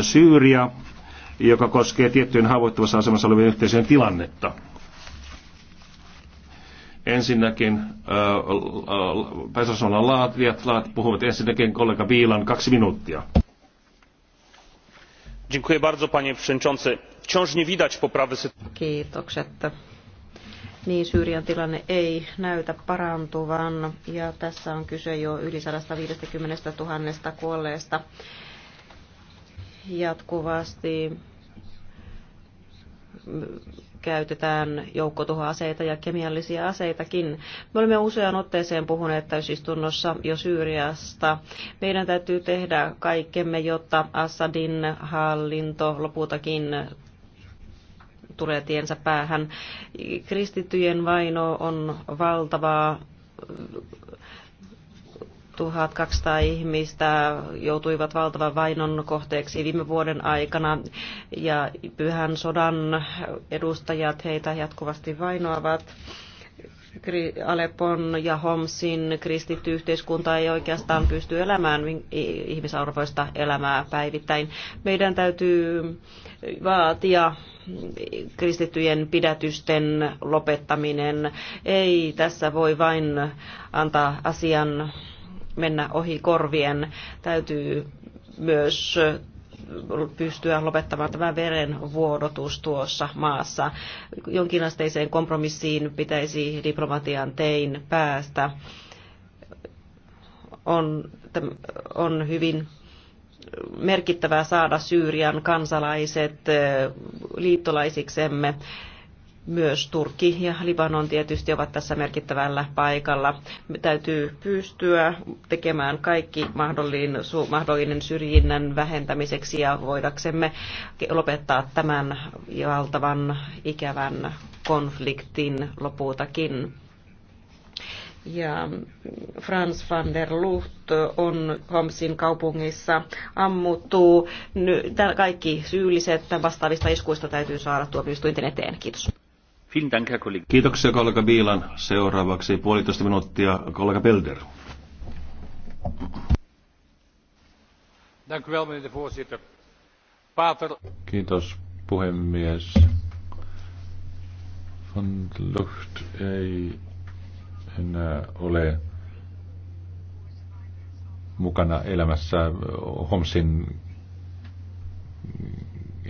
Syyria, joka koskee tiettyjen haavoittuvassa asemassa olevien yhteisöjen tilannetta. Ensinnäkin pääsosavallan laatijat laat, puhuvat ensinnäkin kollega Viilan kaksi minuuttia. Dziękuję bardzo, panie przewodniczący. Wciąż nie widać poprawy sytuacji. Kiitokset niin Syyrian tilanne ei näytä parantuvan ja tässä on kyse jo yli 150 000 kuolleesta jatkuvasti käytetään joukkotuhoaseita ja kemiallisia aseitakin. Me olemme usean otteeseen puhuneet täysistunnossa jo Syyriasta. Meidän täytyy tehdä kaikkemme, jotta Assadin hallinto lopultakin tulee tiensä päähän. Kristittyjen vaino on valtavaa 1200 ihmistä joutuivat valtavan vainon kohteeksi viime vuoden aikana ja pyhän sodan edustajat heitä jatkuvasti vainoavat. Alepon ja Homsin kristitty yhteiskunta ei oikeastaan pysty elämään ihmisarvoista elämää päivittäin. Meidän täytyy vaatia kristittyjen pidätysten lopettaminen. Ei tässä voi vain antaa asian mennä ohi korvien. Täytyy myös pystyä lopettamaan tämä verenvuodotus tuossa maassa. Jonkinasteiseen kompromissiin pitäisi diplomatian tein päästä. On, on hyvin merkittävää saada Syyrian kansalaiset eh, liittolaisiksemme myös Turkki ja Libanon tietysti ovat tässä merkittävällä paikalla. Me täytyy pystyä tekemään kaikki mahdollinen, mahdollinen syrjinnän vähentämiseksi ja voidaksemme lopettaa tämän valtavan ikävän konfliktin lopultakin. Ja Franz van der Lucht on Homsin kaupungissa ammuttu. Kaikki syylliset vastaavista iskuista täytyy saada tuomioistuinten eteen. Kiitos. Kiitoksia kollega Biilan Seuraavaksi puolitoista minuuttia kollega Belder. Kiitos puhemies. Van Lucht ei enää ole mukana elämässä Homsin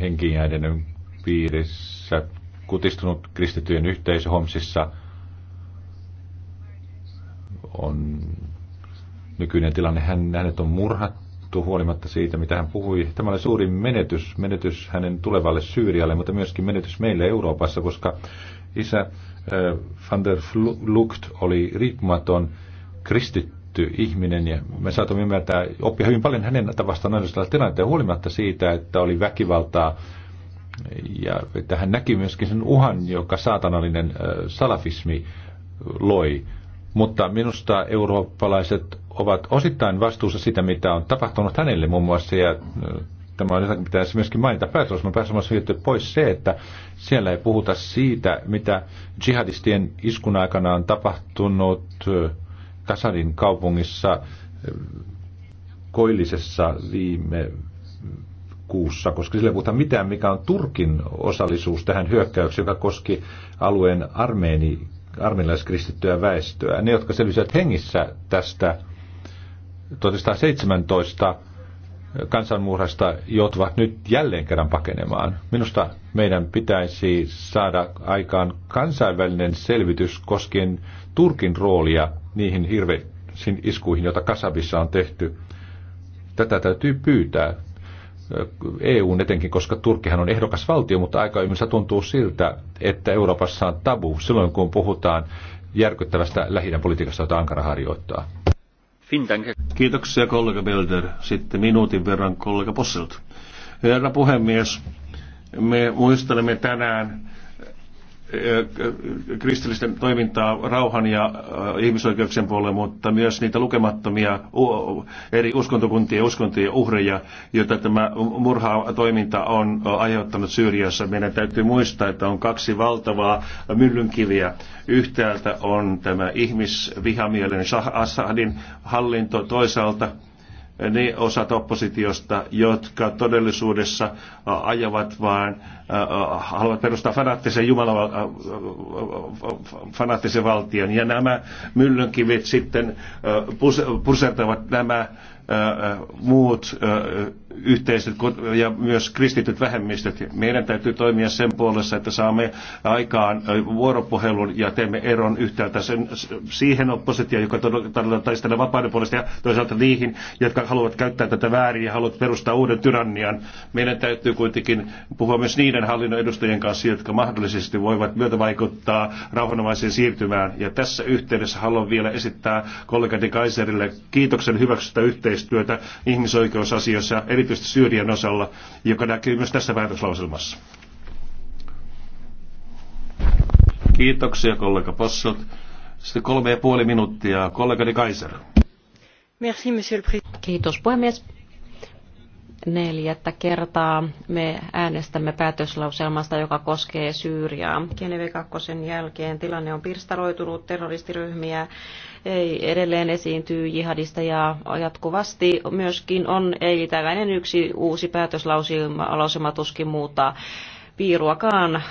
henkiäiden piirissä kutistunut kristityjen yhteisö Homsissa on nykyinen tilanne. Hän, hänet on murhattu huolimatta siitä, mitä hän puhui. Tämä oli suuri menetys, menetys hänen tulevalle Syyrialle, mutta myöskin menetys meille Euroopassa, koska isä äh, van der Lucht oli riippumaton kristitty ihminen ja me saatamme ymmärtää oppia hyvin paljon hänen tavastaan ainoastaan tilanteen huolimatta siitä, että oli väkivaltaa ja että hän näki myöskin sen uhan, joka saatanallinen salafismi loi. Mutta minusta eurooppalaiset ovat osittain vastuussa sitä, mitä on tapahtunut hänelle muun muassa. Ja tämä on jotakin, pitäisi myöskin mainita päätös. Mä liittyy pois se, että siellä ei puhuta siitä, mitä jihadistien iskun aikana on tapahtunut Kasadin kaupungissa koillisessa viime kuussa, koska sillä ei puhuta mitään, mikä on Turkin osallisuus tähän hyökkäykseen, joka koski alueen armeeni, armenilaiskristittyä väestöä. Ne, jotka selvisivät hengissä tästä 1917 kansanmurhasta joutuvat nyt jälleen kerran pakenemaan. Minusta meidän pitäisi saada aikaan kansainvälinen selvitys koskien Turkin roolia niihin hirveisiin iskuihin, joita Kasabissa on tehty. Tätä täytyy pyytää. EUn etenkin, koska Turkkihan on ehdokas valtio, mutta aika ihmisessä tuntuu siltä, että Euroopassa on tabu silloin, kun puhutaan järkyttävästä lähi politiikasta, jota Ankara harjoittaa. Kiitoksia kollega Belder. Sitten minuutin verran kollega Posselt. Herra puhemies, me muistelemme tänään Eh, kristillisten toimintaa rauhan ja eh, ihmisoikeuksien puolella, mutta myös niitä lukemattomia eri uskontokuntien ja uskontojen uhreja, joita tämä murhaa toiminta on eh, aiheuttanut Syyriassa. Meidän täytyy muistaa, että on kaksi valtavaa myllynkiviä. Yhtäältä on tämä ihmisvihamielinen Assadin hallinto, toisaalta ne osat oppositiosta, jotka todellisuudessa ajavat vaan, haluavat perustaa fanaattisen Jumala, fanaattisen valtion. Ja nämä myllynkivit sitten pusertavat nämä muut yhteisöt ja myös kristityt vähemmistöt. Meidän täytyy toimia sen puolessa, että saamme aikaan vuoropuhelun ja teemme eron yhtäältä sen, siihen oppositioon, joka todella taistelee vapauden puolesta ja toisaalta niihin, jotka haluavat käyttää tätä väärin ja haluavat perustaa uuden tyrannian. Meidän täytyy kuitenkin puhua myös niiden hallinnon edustajien kanssa, jotka mahdollisesti voivat myötä vaikuttaa rauhanomaiseen siirtymään. Ja tässä yhteydessä haluan vielä esittää kollegani Kaiserille kiitoksen hyväksystä yhteistyötä ihmisoikeusasioissa, eri erityisesti Syyrian osalla, joka näkyy myös tässä päätöslauselmassa. Kiitoksia kollega Possot. Sitten kolme ja puoli minuuttia kollega kollegani Kaiser. Merci, monsieur le Kiitos puhemies neljättä kertaa me äänestämme päätöslauselmasta, joka koskee Syyriaa. Geneve 2 jälkeen tilanne on pirstaloitunut, terroristiryhmiä ei edelleen esiintyy jihadista ja jatkuvasti myöskin on, ei tällainen yksi uusi päätöslauselma tuskin muuttaa piiruakaan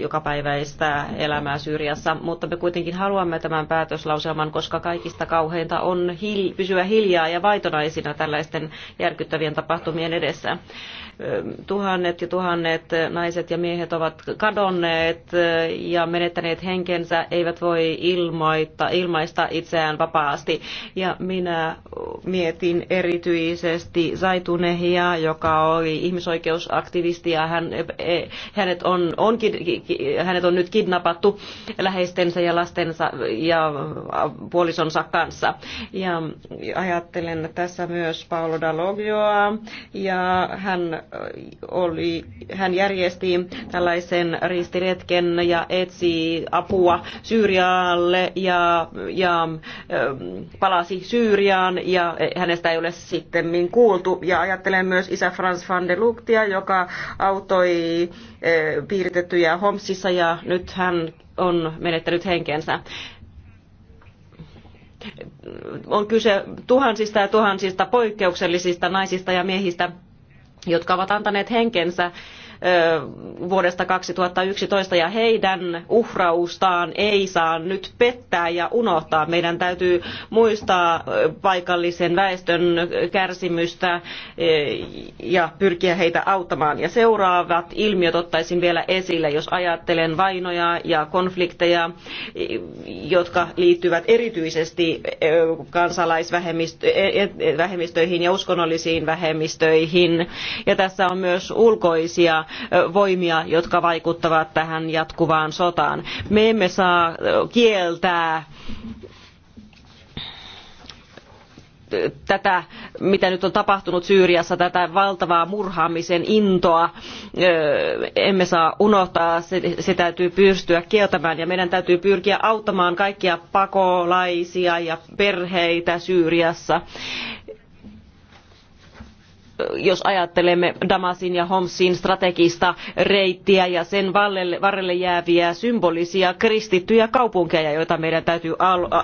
jokapäiväistä elämää Syyriassa, mutta me kuitenkin haluamme tämän päätöslauselman, koska kaikista kauheinta on hil- pysyä hiljaa ja vaitonaisina tällaisten järkyttävien tapahtumien edessä. Tuhannet ja tuhannet naiset ja miehet ovat kadonneet ja menettäneet henkensä, eivät voi ilmoita, ilmaista itseään vapaasti. Ja minä mietin erityisesti Zaitunehia, joka oli ihmisoikeusaktivisti ja hän e, hänet on, on, hänet on nyt kidnappattu läheistensä ja lastensa ja puolisonsa kanssa. Ja ajattelen tässä myös Paolo Daloglioa ja hän, oli, hän järjesti tällaisen ristiretken ja etsi apua Syyrialle ja, ja palasi Syyriaan ja hänestä ei ole sitten kuultu. Ja ajattelen myös isä Frans van de Luktia, joka auttoi piiritettyjä Homsissa ja nyt hän on menettänyt henkensä on kyse tuhansista ja tuhansista poikkeuksellisista naisista ja miehistä, jotka ovat antaneet henkensä vuodesta 2011 ja heidän uhraustaan ei saa nyt pettää ja unohtaa. Meidän täytyy muistaa paikallisen väestön kärsimystä ja pyrkiä heitä auttamaan. Ja seuraavat ilmiöt ottaisin vielä esille, jos ajattelen vainoja ja konflikteja, jotka liittyvät erityisesti kansalaisvähemmistöihin e, e, ja uskonnollisiin vähemmistöihin. Ja tässä on myös ulkoisia voimia, jotka vaikuttavat tähän jatkuvaan sotaan. Me emme saa kieltää tätä, mitä nyt on tapahtunut Syyriassa, tätä valtavaa murhaamisen intoa, emme saa unohtaa, se, se täytyy pystyä kieltämään ja meidän täytyy pyrkiä auttamaan kaikkia pakolaisia ja perheitä Syyriassa jos ajattelemme Damasin ja Homsin strategista reittiä ja sen varrelle jääviä symbolisia kristittyjä kaupunkeja, joita meidän täytyy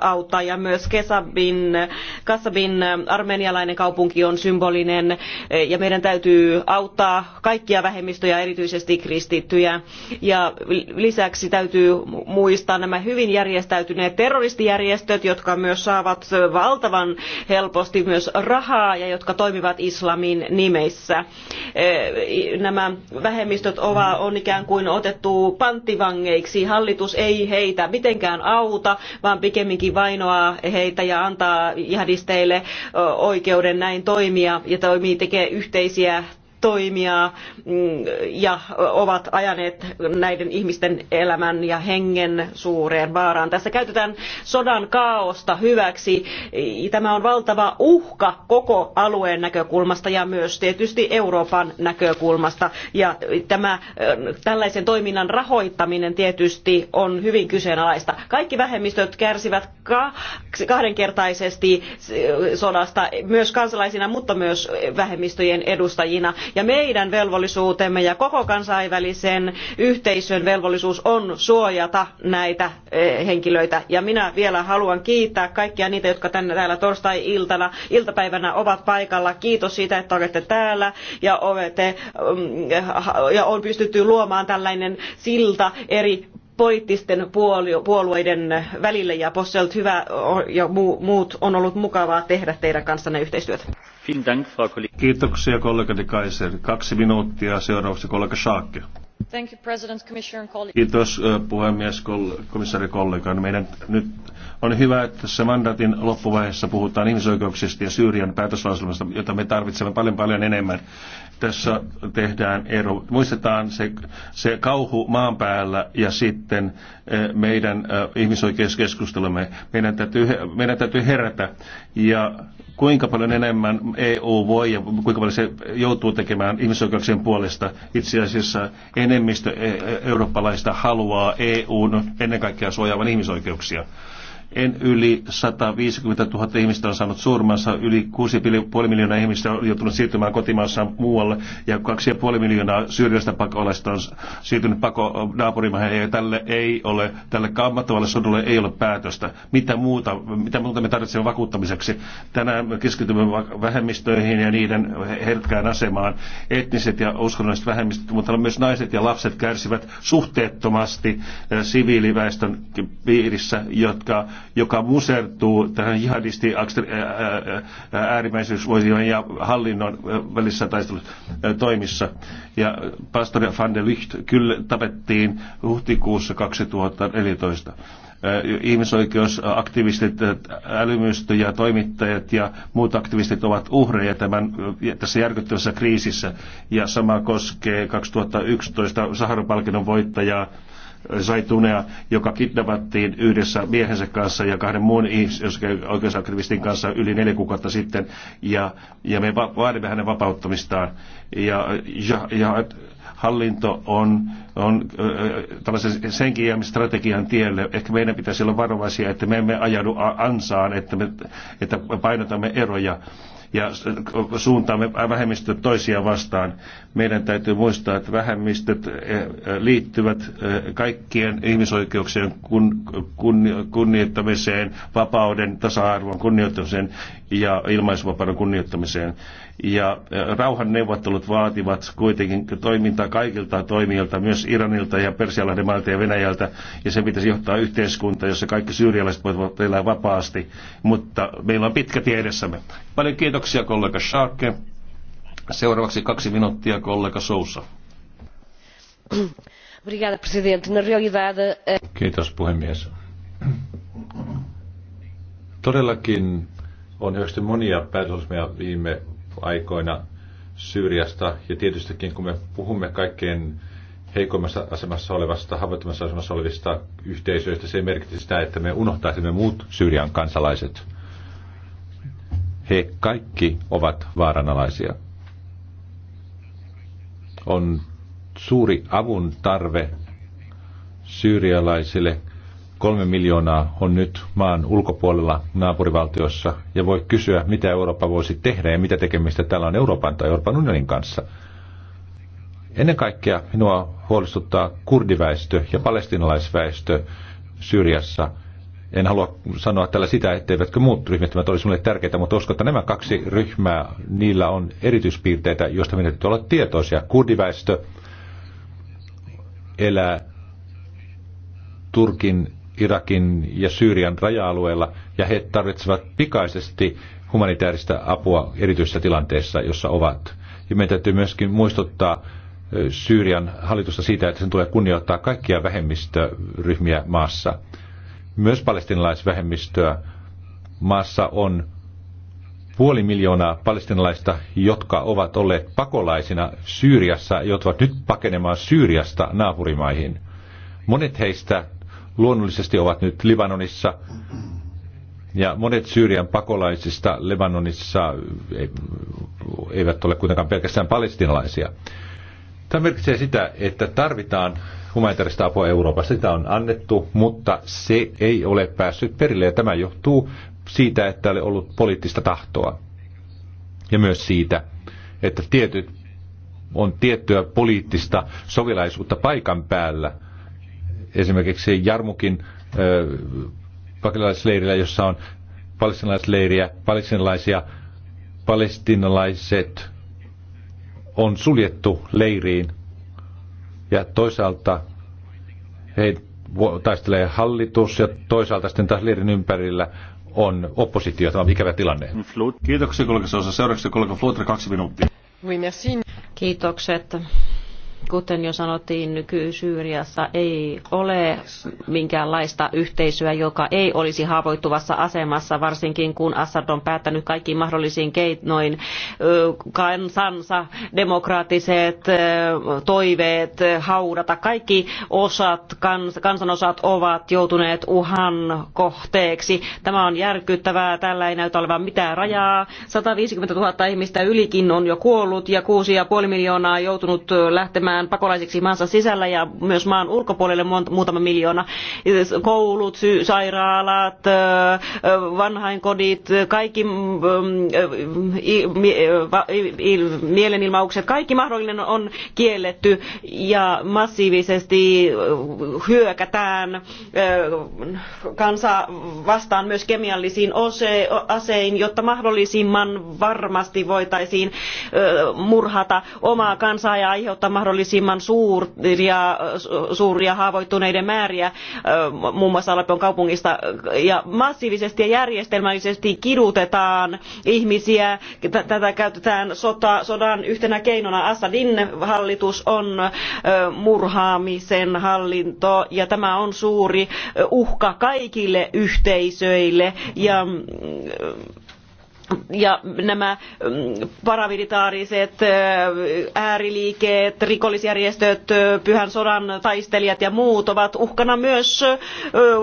auttaa. Ja myös Kesabin, Kassabin armenialainen kaupunki on symbolinen ja meidän täytyy auttaa kaikkia vähemmistöjä, erityisesti kristittyjä. Ja lisäksi täytyy muistaa nämä hyvin järjestäytyneet terroristijärjestöt, jotka myös saavat valtavan helposti myös rahaa ja jotka toimivat islamin nimissä. Nämä vähemmistöt on ikään kuin otettu panttivangeiksi. Hallitus ei heitä mitenkään auta, vaan pikemminkin vainoaa heitä ja antaa jihadisteille oikeuden näin toimia ja toimii tekee yhteisiä toimia mm, ja ovat ajaneet näiden ihmisten elämän ja hengen suureen vaaraan. Tässä käytetään sodan kaaosta hyväksi. Tämä on valtava uhka koko alueen näkökulmasta ja myös tietysti Euroopan näkökulmasta. Ja tämä, äh, tällaisen toiminnan rahoittaminen tietysti on hyvin kyseenalaista. Kaikki vähemmistöt kärsivät kahdenkertaisesti sodasta myös kansalaisina, mutta myös vähemmistöjen edustajina ja meidän velvollisuutemme ja koko kansainvälisen yhteisön velvollisuus on suojata näitä eh, henkilöitä. Ja minä vielä haluan kiittää kaikkia niitä, jotka tänne täällä torstai-iltana, iltapäivänä ovat paikalla. Kiitos siitä, että olette täällä ja, olette, mm, ja on pystytty luomaan tällainen silta eri poliittisten puolueiden välille ja Posselt hyvä ja muut on ollut mukavaa tehdä teidän kanssanne yhteistyötä. Kiitoksia kollegani Kaiser. Kaksi minuuttia. Seuraavaksi kollega Saakke. Thank you, President, Commissioner, Kiitos puhemies, komissaari kollega. Meidän nyt on hyvä, että tässä mandaatin loppuvaiheessa puhutaan ihmisoikeuksista ja Syyrian päätöslauselmasta, jota me tarvitsemme paljon paljon enemmän tässä tehdään ero. Muistetaan se, se kauhu maan päällä ja sitten eh, meidän eh, ihmisoikeuskeskustelumme. Meidän täytyy, meidän täytyy herätä. Ja kuinka paljon enemmän EU voi ja kuinka paljon se joutuu tekemään ihmisoikeuksien puolesta. Itse asiassa enemmistö eh, eurooppalaista haluaa EUn ennen kaikkea suojaavan ihmisoikeuksia. En yli 150 000 ihmistä on saanut surmansa, yli 6,5 miljoonaa ihmistä on joutunut siirtymään kotimaassa muualle ja 2,5 miljoonaa syyrialaista pakolaista on siirtynyt pako naapurimaahan ja tälle ei ole, tälle kammattavalle sodulle ei ole päätöstä. Mitä muuta, mitä muuta me tarvitsemme vakuuttamiseksi? Tänään me keskitymme vähemmistöihin ja niiden herkkään asemaan. Etniset ja uskonnolliset vähemmistöt, mutta myös naiset ja lapset kärsivät suhteettomasti eh, siviiliväestön piirissä, jotka joka musertuu tähän jihadisti äh, äh, äh, äärimmäisyysvoisien ja hallinnon välissä taistelutoimissa. Ja pastori van der Licht kyllä tapettiin huhtikuussa 2014 ihmisoikeusaktivistit, älymystö ja toimittajat ja muut aktivistit ovat uhreja tämän, tässä järkyttävässä kriisissä. Ja sama koskee 2011 Saharan palkinnon voittajaa Zaitunea, joka kidnappattiin yhdessä miehensä kanssa ja kahden muun oikeusaktivistin kanssa yli neljä kuukautta sitten, ja, ja me vaadimme hänen vapauttamistaan. Ja, ja, ja hallinto on, on äh, tällaisen senkin strategian tielle. Ehkä meidän pitäisi olla varovaisia, että me emme ajaudu ansaan, että me että painotamme eroja ja suuntaamme vähemmistöt toisia vastaan. Meidän täytyy muistaa, että vähemmistöt eh, eh, liittyvät eh, kaikkien ihmisoikeuksien kun, kun, kunnioittamiseen, vapauden, tasa-arvon kunnioittamiseen ja ilmaisuvapauden kunnioittamiseen. Ja äh, rauhanneuvottelut vaativat kuitenkin toimintaa kaikilta toimijoilta, myös Iranilta ja Persialahden maalta ja Venäjältä, ja se pitäisi johtaa yhteiskunta, jossa kaikki syyrialaiset voivat elää vapaasti, mutta meillä on pitkä tie edessämme. Paljon kiitoksia kollega Schaake. Seuraavaksi kaksi minuuttia kollega Sousa. Eh, Kiitos puhemies. Todellakin on hyväksytty monia päätösosmia viime aikoina Syyriasta, ja tietystikin kun me puhumme kaikkein heikoimmassa asemassa olevasta, haavoittumassa asemassa olevista yhteisöistä, se merkitsee sitä, että me unohtaisimme muut Syyrian kansalaiset. He kaikki ovat vaaranalaisia. On suuri avun tarve syyrialaisille Kolme miljoonaa on nyt maan ulkopuolella naapurivaltiossa ja voi kysyä, mitä Eurooppa voisi tehdä ja mitä tekemistä täällä on Euroopan tai Euroopan unionin kanssa. Ennen kaikkea minua huolestuttaa kurdiväestö ja palestinalaisväestö Syyriassa. En halua sanoa tällä sitä, etteivätkö muut ryhmät olisi minulle tärkeitä, mutta uskon, että nämä kaksi ryhmää, niillä on erityispiirteitä, joista meidän täytyy olla tietoisia. Kurdiväestö elää Turkin Irakin ja Syyrian raja-alueella, ja he tarvitsevat pikaisesti humanitaarista apua erityisessä tilanteessa, jossa ovat. Ja meidän täytyy myöskin muistuttaa Syyrian hallitusta siitä, että sen tulee kunnioittaa kaikkia vähemmistöryhmiä maassa. Myös palestinalaisvähemmistöä maassa on puoli miljoonaa palestinalaista, jotka ovat olleet pakolaisina Syyriassa, jotka ovat nyt pakenemaan Syyriasta naapurimaihin. Monet heistä luonnollisesti ovat nyt Libanonissa. Ja monet Syyrian pakolaisista Libanonissa eivät ole kuitenkaan pelkästään palestinalaisia. Tämä merkitsee sitä, että tarvitaan humanitaarista apua Euroopassa. Sitä on annettu, mutta se ei ole päässyt perille ja tämä johtuu siitä, että ei ollut poliittista tahtoa. Ja myös siitä, että tietyt, on tiettyä poliittista sovilaisuutta paikan päällä – esimerkiksi Jarmukin pakilaisleirillä, jossa on palestinalaisleiriä, palestinalaisia, palestinalaiset on suljettu leiriin ja toisaalta he taistelee hallitus ja toisaalta sitten taas leirin ympärillä on oppositio. Tämä on ikävä tilanne. Kiitoksia kollega Sosa. Seuraavaksi kollega Flutra, kaksi minuuttia. Kiitokset Kuten jo sanottiin, nyky-Syyriassa ei ole minkäänlaista yhteisöä, joka ei olisi haavoittuvassa asemassa, varsinkin kun Assad on päättänyt kaikki mahdollisiin keinoin kansansa demokraattiset toiveet haudata. Kaikki osat, kans, kansanosat ovat joutuneet uhan kohteeksi. Tämä on järkyttävää. Tällä ei näytä olevan mitään rajaa. 150 000 ihmistä ylikin on jo kuollut ja 6,5 miljoonaa joutunut lähtemään siirretään pakolaisiksi maansa sisällä ja myös maan ulkopuolelle muutama miljoona. Koulut, sy- sairaalat, vanhainkodit, kaikki mm, mm, mielenilmaukset, kaikki mahdollinen on kielletty ja massiivisesti hyökätään kansaa vastaan myös kemiallisiin asein, jotta mahdollisimman varmasti voitaisiin murhata omaa kansaa ja aiheuttaa mahdollisimman mahdollisimman suuria, suuria haavoittuneiden määriä muun muassa Aleppon kaupungista ja massiivisesti ja järjestelmällisesti kidutetaan ihmisiä. Tätä käytetään sota, sodan yhtenä keinona. Assadin hallitus on murhaamisen hallinto ja tämä on suuri uhka kaikille yhteisöille ja mm, ja nämä mm, paramilitaariset ääriliikkeet, rikollisjärjestöt, pyhän sodan taistelijat ja muut ovat uhkana myös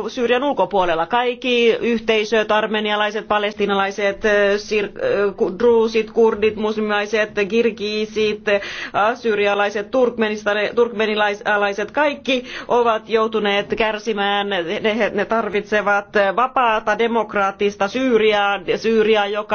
Syyrian ulkopuolella. Kaikki yhteisöt, armenialaiset, palestinalaiset, druusit, kurdit, muslimilaiset, kirgiisit, syyrialaiset, turkmenilaiset kaikki ovat joutuneet kärsimään. Ne tarvitsevat vapaata, demokraattista Syyriaa, Syyriaa joka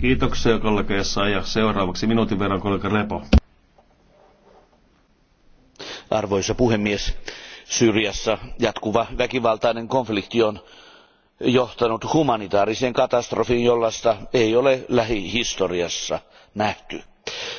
Kiitoksia kollega ja seuraavaksi minuutin verran kollega Lepo. Arvoisa puhemies, Syyriassa jatkuva väkivaltainen konflikti on johtanut humanitaariseen katastrofiin, jollaista ei ole lähihistoriassa nähty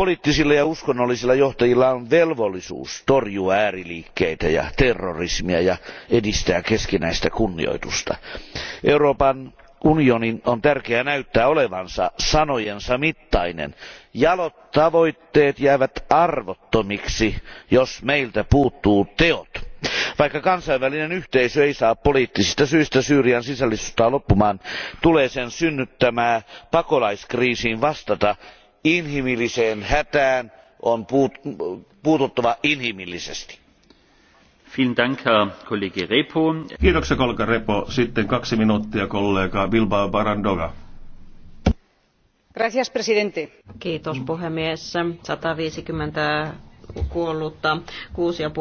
poliittisilla ja uskonnollisilla johtajilla on velvollisuus torjua ääriliikkeitä ja terrorismia ja edistää keskinäistä kunnioitusta. euroopan unionin on tärkeää näyttää olevansa sanojensa mittainen. jalot tavoitteet jäävät arvottomiksi jos meiltä puuttuu teot vaikka kansainvälinen yhteisö ei saa poliittisista syistä syyrian sisällissotaa loppumaan tulee sen synnyttämään pakolaiskriisiin vastata inhimilliseen hätään on puututtava inhimillisesti. Kiitoksia kollega Repo. Sitten kaksi minuuttia Barandoga. Kiitos puhemies. 150 kuollutta.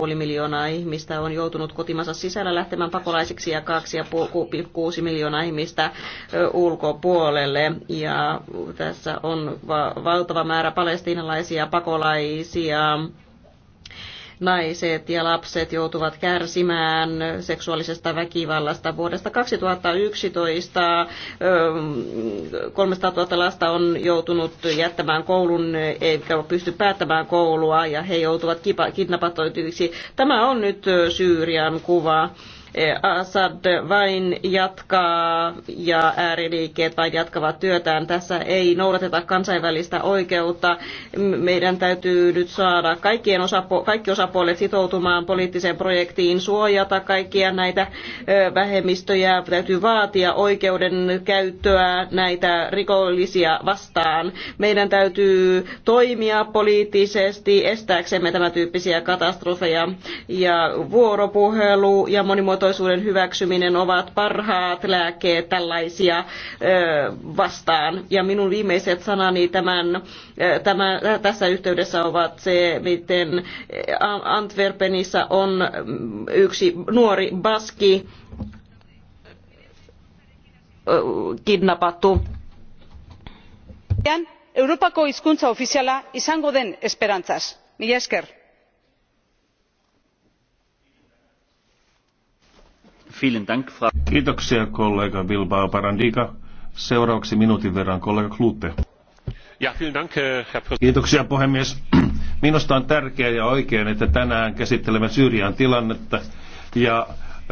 6,5 miljoonaa ihmistä on joutunut kotimansa sisällä lähtemään pakolaisiksi ja 2,6 miljoonaa ihmistä ulkopuolelle. Ja tässä on valtava määrä palestiinalaisia pakolaisia naiset ja lapset joutuvat kärsimään seksuaalisesta väkivallasta. Vuodesta 2011 300 000 lasta on joutunut jättämään koulun eikä pysty päättämään koulua ja he joutuvat kidnappatoituiksi. Tämä on nyt Syyrian kuva Assad vain jatkaa ja ääriliikkeet vain jatkavat työtään. Tässä ei noudateta kansainvälistä oikeutta. Meidän täytyy nyt saada kaikkien osapo- kaikki osapuolet sitoutumaan poliittiseen projektiin, suojata kaikkia näitä vähemmistöjä, täytyy vaatia oikeuden käyttöä näitä rikollisia vastaan. Meidän täytyy toimia poliittisesti estääksemme tämän tyyppisiä katastrofeja ja vuoropuhelu ja monimuotoisuus monimuotoisuuden hyväksyminen ovat parhaat lääkkeet tällaisia vastaan. Ja minun viimeiset sanani tämän, tämän, tässä yhteydessä ovat se, miten Antwerpenissa on mm, yksi nuori baski kidnappattu. Euroopan hizkuntza ofisiala isango den esperantzas. Mila esker Kiitoksia kollega Bilbao Parandika. Seuraavaksi minuutin verran kollega Klute. Äh, Kiitoksia puhemies. Minusta on tärkeää ja oikein, että tänään käsittelemme Syyrian tilannetta ja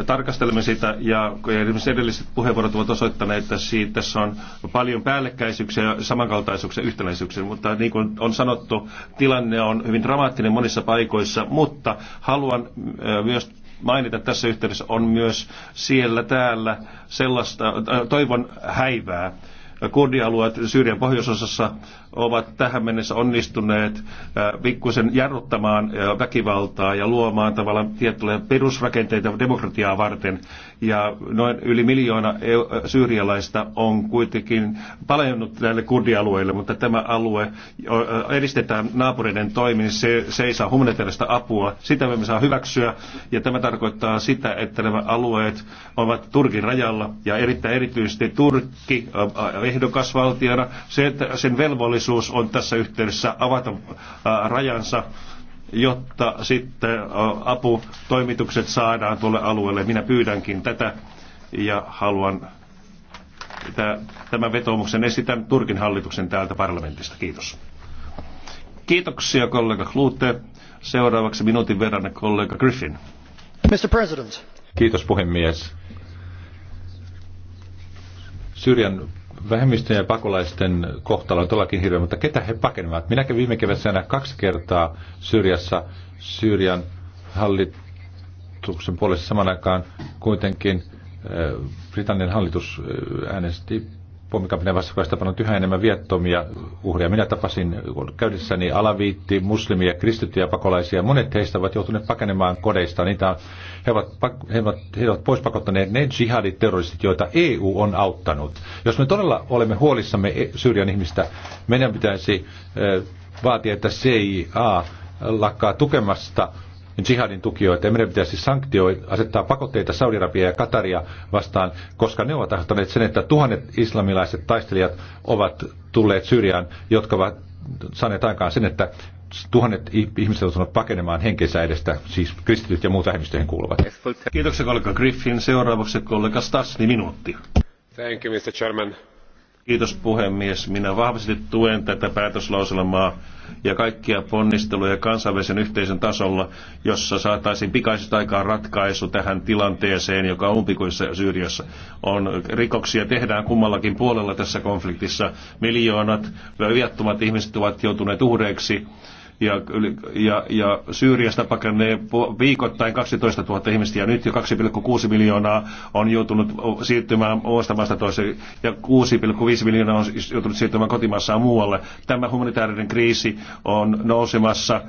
tarkastelemme sitä ja, esimerkiksi edelliset puheenvuorot ovat osoittaneet, että siitä, tässä on paljon päällekkäisyyksiä ja samankaltaisuuksia yhtenäisyyksiä, mutta niin kuin on sanottu, tilanne on hyvin dramaattinen monissa paikoissa, mutta haluan äh, myös mainita tässä yhteydessä, on myös siellä täällä sellaista äh, toivon häivää. Kurdialueet Syyrian pohjoisosassa ovat tähän mennessä onnistuneet äh, pikkusen jarruttamaan äh, väkivaltaa ja luomaan tavallaan tiettyjä perusrakenteita demokratiaa varten. Ja noin yli miljoona äh, syyrialaista on kuitenkin palennut näille kurdialueille, mutta tämä alue edistetään naapureiden toimin, se, se ei saa humanitaarista apua. Sitä me saa hyväksyä ja tämä tarkoittaa sitä, että nämä alueet ovat Turkin rajalla ja erittäin erityisesti Turkki ehdokasvaltiona, se, että sen velvollisuus mahdollisuus on tässä yhteydessä avata rajansa, jotta sitten aputoimitukset saadaan tuolle alueelle. Minä pyydänkin tätä ja haluan tämän vetoomuksen esitän Turkin hallituksen täältä parlamentista. Kiitos. Kiitoksia kollega Klute. Seuraavaksi minuutin verran kollega Griffin. Mr. President. Kiitos puhemies. Syrjän vähemmistöjen ja pakolaisten kohtalo on todellakin hirveä, mutta ketä he pakenevat? Minä kävin viime keväänä kaksi kertaa Syyriassa Syyrian hallituksen puolesta saman aikaan kuitenkin eh, Britannian hallitus eh, äänesti pommikampanjan vastakkaista on yhä enemmän viettomia uhria. Minä tapasin käydessäni alaviitti, muslimia, kristittyjä pakolaisia. Monet heistä ovat joutuneet pakenemaan kodeista. Niitä, he, ovat, he, ovat, he ovat pois pakottaneet ne jihadit, terroristit, joita EU on auttanut. Jos me todella olemme huolissamme e- Syyrian ihmistä, meidän pitäisi eh, vaatia, että CIA lakkaa tukemasta niin jihadin tukijoita. Ja meidän pitäisi sanktioida, asettaa pakotteita saudi Arabia ja Kataria vastaan, koska ne ovat aiheuttaneet sen, että tuhannet islamilaiset taistelijat ovat tulleet Syyriaan, jotka ovat saaneet aikaan sen, että tuhannet ihmiset joutuneet pakenemaan henkensä edestä, siis kristityt ja muut vähemmistöihin kuuluvat. Kiitoksia kollega Griffin. Seuraavaksi kollega Stasni minuutti. Thank you, Mr. Chairman. Kiitos puhemies. Minä vahvasti tuen tätä päätöslauselmaa ja kaikkia ponnisteluja kansainvälisen yhteisön tasolla, jossa saataisiin pikaisesti aikaan ratkaisu tähän tilanteeseen, joka on umpikuissa Syyriassa. On, rikoksia tehdään kummallakin puolella tässä konfliktissa. Miljoonat viattomat ihmiset ovat joutuneet uhreiksi ja, ja, ja Syyriasta pakenee viikoittain 12 000 ihmistä ja nyt jo 2,6 miljoonaa on joutunut siirtymään omasta maasta toiseen ja 6,5 miljoonaa on siis joutunut siirtymään kotimaassaan muualle. Tämä humanitaarinen kriisi on nousemassa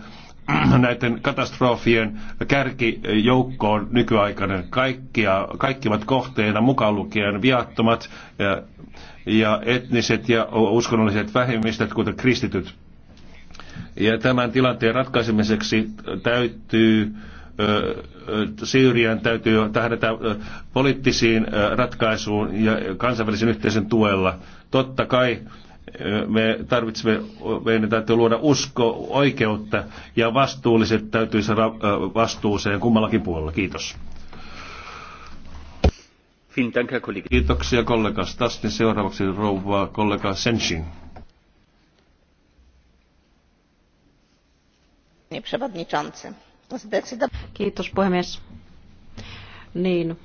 näiden katastrofien kärkijoukkoon nykyaikainen. Kaikkia, kaikki ovat kohteena mukaan lukien viattomat ja, ja etniset ja uskonnolliset vähemmistöt, kuten kristityt. Ja tämän tilanteen ratkaisemiseksi täytyy Syyrian täytyy tähdätä poliittisiin ratkaisuun ja kansainvälisen yhteisön tuella. Totta kai me tarvitsemme, meidän täytyy luoda usko, oikeutta ja vastuulliset täytyy saada vastuuseen kummallakin puolella. Kiitos. Kiitoksia kollega Stastin. Seuraavaksi rouva kollega Senshin. Kiitos puhemies. Niin,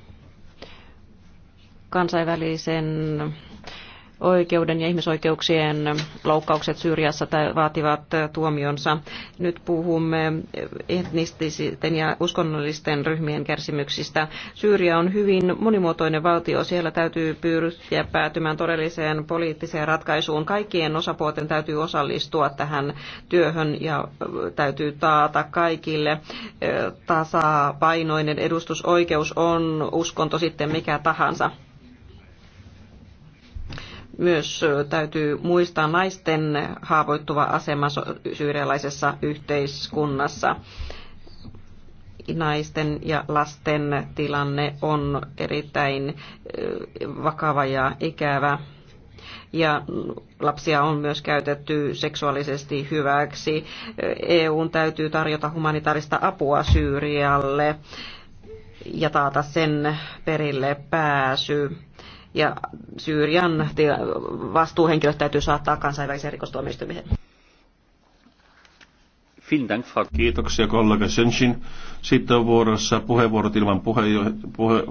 kansainvälisen oikeuden ja ihmisoikeuksien loukkaukset Syyriassa vaativat tuomionsa. Nyt puhumme etnististen ja uskonnollisten ryhmien kärsimyksistä. Syyria on hyvin monimuotoinen valtio. Siellä täytyy pyrkiä päätymään todelliseen poliittiseen ratkaisuun. Kaikkien osapuolten täytyy osallistua tähän työhön ja täytyy taata kaikille tasapainoinen edustusoikeus on uskonto sitten mikä tahansa. Myös täytyy muistaa naisten haavoittuva asema syyrialaisessa yhteiskunnassa. Naisten ja lasten tilanne on erittäin vakava ja ikävä ja lapsia on myös käytetty seksuaalisesti hyväksi. EUn täytyy tarjota humanitaarista apua Syyrialle ja taata sen perille pääsy ja Syyrian vastuuhenkilöt täytyy saattaa kansainväliseen rikostuomioistuimeen. Kiitoksia kollega Senshin. Sitten on vuorossa puheenvuorot ilman puhe, puhe,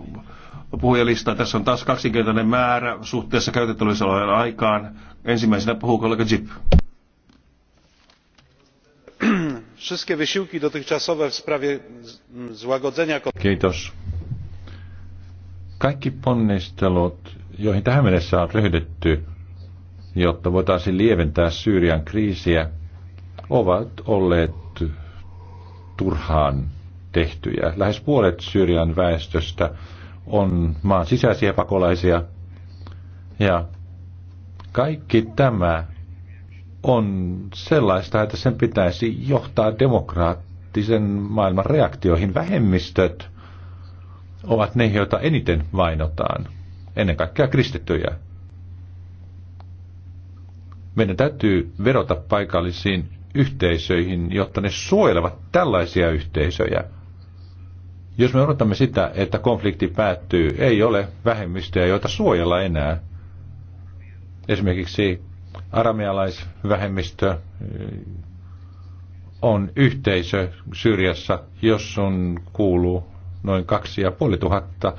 puhujalistaa. Tässä on taas kaksinkertainen määrä suhteessa käytettävissä olevan aikaan. Ensimmäisenä puhuu kollega Jip. Wszystkie wysiłki dotychczasowe w sprawie złagodzenia... Kiitos kaikki ponnistelut, joihin tähän mennessä on ryhdytty, jotta voitaisiin lieventää Syyrian kriisiä, ovat olleet turhaan tehtyjä. Lähes puolet Syyrian väestöstä on maan sisäisiä pakolaisia. Ja kaikki tämä on sellaista, että sen pitäisi johtaa demokraattisen maailman reaktioihin. Vähemmistöt ovat ne, joita eniten vainotaan, ennen kaikkea kristittyjä. Meidän täytyy verota paikallisiin yhteisöihin, jotta ne suojelevat tällaisia yhteisöjä. Jos me odotamme sitä, että konflikti päättyy, ei ole vähemmistöjä, joita suojella enää. Esimerkiksi aramealaisvähemmistö eh, on yhteisö Syyriassa, jos sun kuuluu noin kaksi ja puoli tuhatta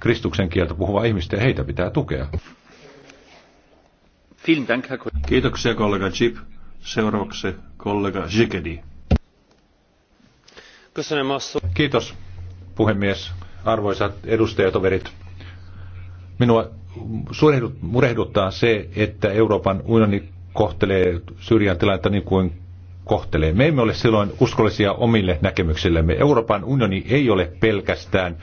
Kristuksen kieltä puhuvaa ihmistä ja heitä pitää tukea. Kiitoksia kollega Chip. Seuraavaksi kollega Jekedi. Kiitos puhemies. Arvoisat edustajatoverit. Minua murehduttaa se, että Euroopan unioni kohtelee Syyrian tilannetta niin kuin kohtelee. Me emme ole silloin uskollisia omille näkemyksillemme. Euroopan unioni ei ole pelkästään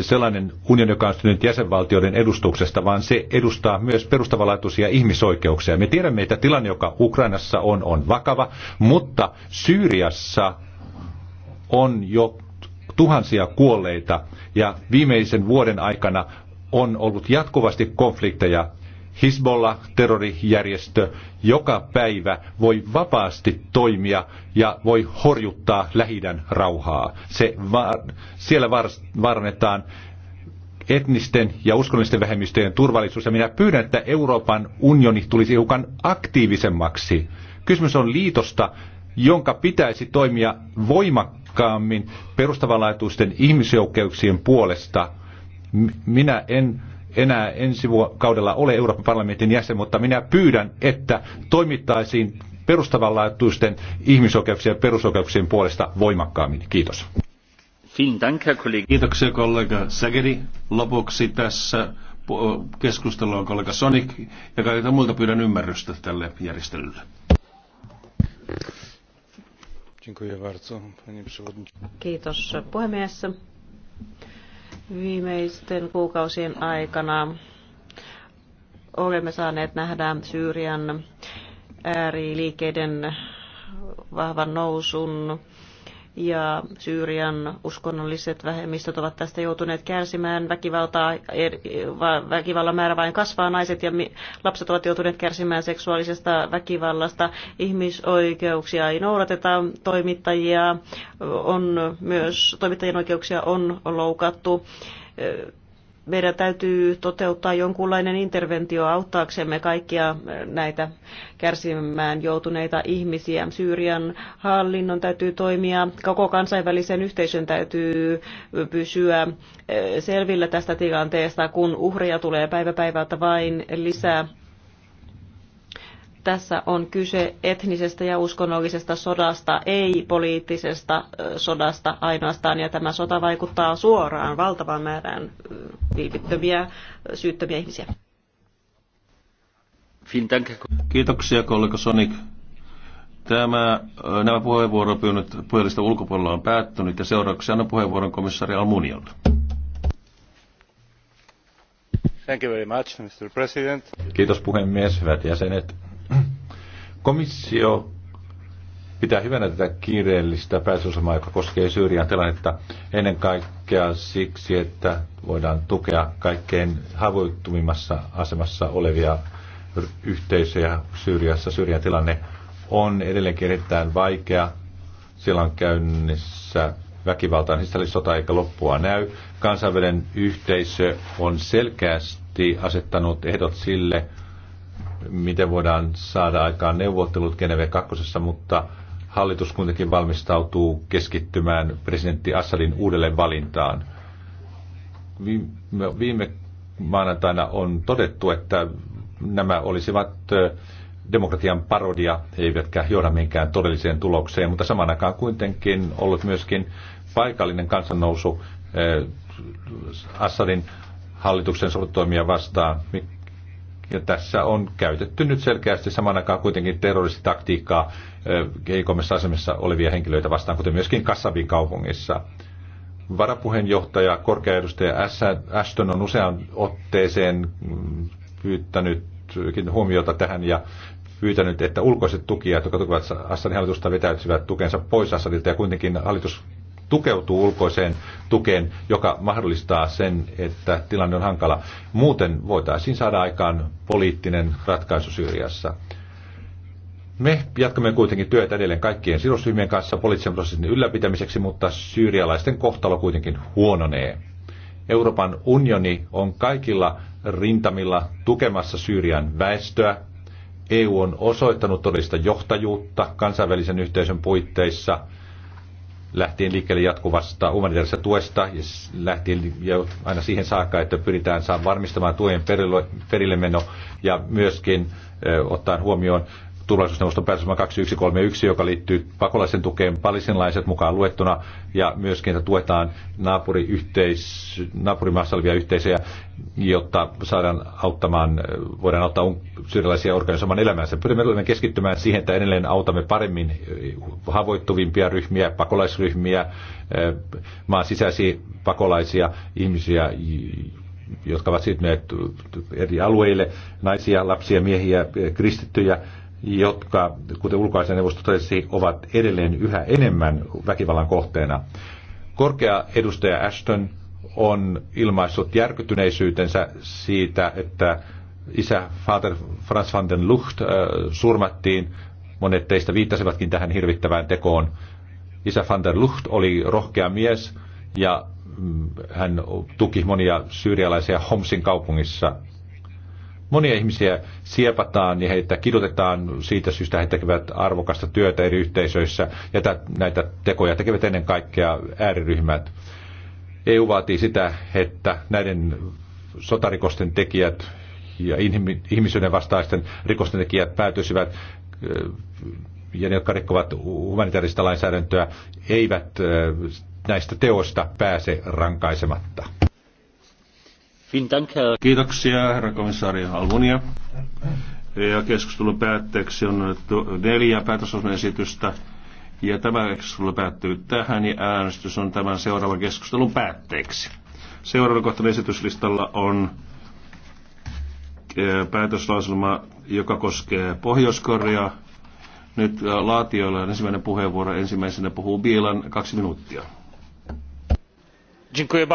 sellainen unioni, joka on syntynyt jäsenvaltioiden edustuksesta, vaan se edustaa myös perustavanlaatuisia ihmisoikeuksia. Me tiedämme, että tilanne, joka Ukrainassa on, on vakava, mutta Syyriassa on jo tuhansia kuolleita ja viimeisen vuoden aikana on ollut jatkuvasti konflikteja Hisbollah, terrorijärjestö, joka päivä voi vapaasti toimia ja voi horjuttaa lähidän rauhaa. Se va- siellä var- varmennetaan etnisten ja uskonnollisten vähemmistöjen turvallisuus. Ja minä pyydän, että Euroopan unioni tulisi hiukan aktiivisemmaksi. Kysymys on liitosta, jonka pitäisi toimia voimakkaammin perustavanlaatuisten ihmisoikeuksien puolesta. Minä en enää ensi kaudella ole Euroopan parlamentin jäsen, mutta minä pyydän, että toimittaisiin perustavanlaatuisten ihmisoikeuksien ja perusoikeuksien puolesta voimakkaammin. Kiitos. Kiitoksia kollega Sägeri. Lopuksi tässä keskustelu on kollega Sonic ja kaikilta muilta pyydän ymmärrystä tälle järjestelylle. Kiitos puhemies. Viimeisten kuukausien aikana olemme saaneet nähdä Syyrian ääriliikkeiden vahvan nousun ja Syyrian uskonnolliset vähemmistöt ovat tästä joutuneet kärsimään. Väkivaltaa, väkivallan määrä vain kasvaa. Naiset ja lapset ovat joutuneet kärsimään seksuaalisesta väkivallasta. Ihmisoikeuksia ei noudateta. Toimittajia on myös, toimittajien oikeuksia on loukattu meidän täytyy toteuttaa jonkunlainen interventio auttaaksemme kaikkia näitä kärsimään joutuneita ihmisiä. Syyrian hallinnon täytyy toimia, koko kansainvälisen yhteisön täytyy pysyä eh, selvillä tästä tilanteesta, kun uhreja tulee päivä päivältä vain lisää tässä on kyse etnisestä ja uskonnollisesta sodasta, ei poliittisesta sodasta ainoastaan, ja tämä sota vaikuttaa suoraan valtavan määrän vilpittömiä, syyttömiä ihmisiä. Kiitoksia kollega Sonic. Tämä, nämä puheenvuoropyynnöt puhelista ulkopuolella on päättynyt ja seuraavaksi annan puheenvuoron komissaari Almunialle. Thank you very much, Mr. President. Kiitos puhemies, hyvät jäsenet. Komissio pitää hyvänä tätä kiireellistä päätösosamaa, joka koskee Syyrian tilannetta ennen kaikkea siksi, että voidaan tukea kaikkein havoittumimmassa asemassa olevia yhteisöjä Syyriassa. Syyrian tilanne on edelleenkin erittäin vaikea. Siellä on käynnissä väkivaltaan sisällissota eikä loppua näy. Kansainvälinen yhteisö on selkeästi asettanut ehdot sille, miten voidaan saada aikaan neuvottelut Geneve 2, mutta hallitus kuitenkin valmistautuu keskittymään presidentti Assadin uudelleen valintaan. Viime, viime maanantaina on todettu, että nämä olisivat demokratian parodia, eivätkä johda minkään todelliseen tulokseen, mutta saman aikaan kuitenkin ollut myöskin paikallinen kansannousu Assadin hallituksen sortoimia vastaan, ja tässä on käytetty nyt selkeästi saman aikaan kuitenkin terroristitaktiikkaa heikommassa asemassa olevia henkilöitä vastaan, kuten myöskin Kassavin kaupungissa. Varapuheenjohtaja, korkea edustaja Ashton on usean otteeseen pyytänyt huomiota tähän ja pyytänyt, että ulkoiset tukijat, jotka tukevat Assadin hallitusta, vetäytyvät tukensa pois Assadilta ja kuitenkin hallitus tukeutuu ulkoiseen tukeen, joka mahdollistaa sen, että tilanne on hankala. Muuten voitaisiin saada aikaan poliittinen ratkaisu Syyriassa. Me jatkamme kuitenkin työtä edelleen kaikkien sidosryhmien kanssa poliittisen prosessin ylläpitämiseksi, mutta syyrialaisten kohtalo kuitenkin huononee. Euroopan unioni on kaikilla rintamilla tukemassa Syyrian väestöä. EU on osoittanut todellista johtajuutta kansainvälisen yhteisön puitteissa – lähtien liikkeelle jatkuvasta humanitaarisesta tuesta ja lähtien ja aina siihen saakka, että pyritään saamaan varmistamaan tuen perille, perillemeno ja myöskin ottaen huomioon turvallisuusneuvoston päätösmä 2131, joka liittyy pakolaisen tukeen palisinlaiset mukaan luettuna, ja myöskin, että tuetaan naapuriyhteis, naapurimaassa olevia yhteisöjä, jotta saadaan auttamaan, voidaan auttaa syyrialaisia organisoimaan elämäänsä. Pyrimme keskittymään siihen, että edelleen autamme paremmin havoittuvimpia ryhmiä, pakolaisryhmiä, eh, maan sisäisiä pakolaisia, ihmisiä, jotka ovat siirtyneet eri alueille, naisia, lapsia, miehiä, kristittyjä, jotka, kuten ulkoisen neuvosto totesi, ovat edelleen yhä enemmän väkivallan kohteena. Korkea edustaja Ashton on ilmaissut järkytyneisyytensä siitä, että isä Vater Franz van den Lucht äh, surmattiin. Monet teistä viittasivatkin tähän hirvittävään tekoon. Isä van der Lucht oli rohkea mies ja mm, hän tuki monia syyrialaisia Homsin kaupungissa. Monia ihmisiä siepataan ja heitä kidutetaan siitä syystä, että he tekevät arvokasta työtä eri yhteisöissä ja näitä tekoja tekevät ennen kaikkea ääriryhmät. EU vaatii sitä, että näiden sotarikosten tekijät ja ihmisyyden vastaisten rikosten tekijät päätyisivät ja ne, jotka rikkovat humanitaarista lainsäädäntöä, eivät näistä teoista pääse rankaisematta. Kiitoksia, herra komissaari Almunia. Ja keskustelun päätteeksi on neljä päätösosmaesitystä. Ja tämä keskustelu päättyy tähän ja äänestys on tämän seuraavan keskustelun päätteeksi. Seuraavan kohta esityslistalla on eh, päätöslauselma, joka koskee pohjois -Korea. Nyt eh, laatioilla on ensimmäinen puheenvuoro. Ensimmäisenä puhuu Bielan kaksi minuuttia. Dziękuję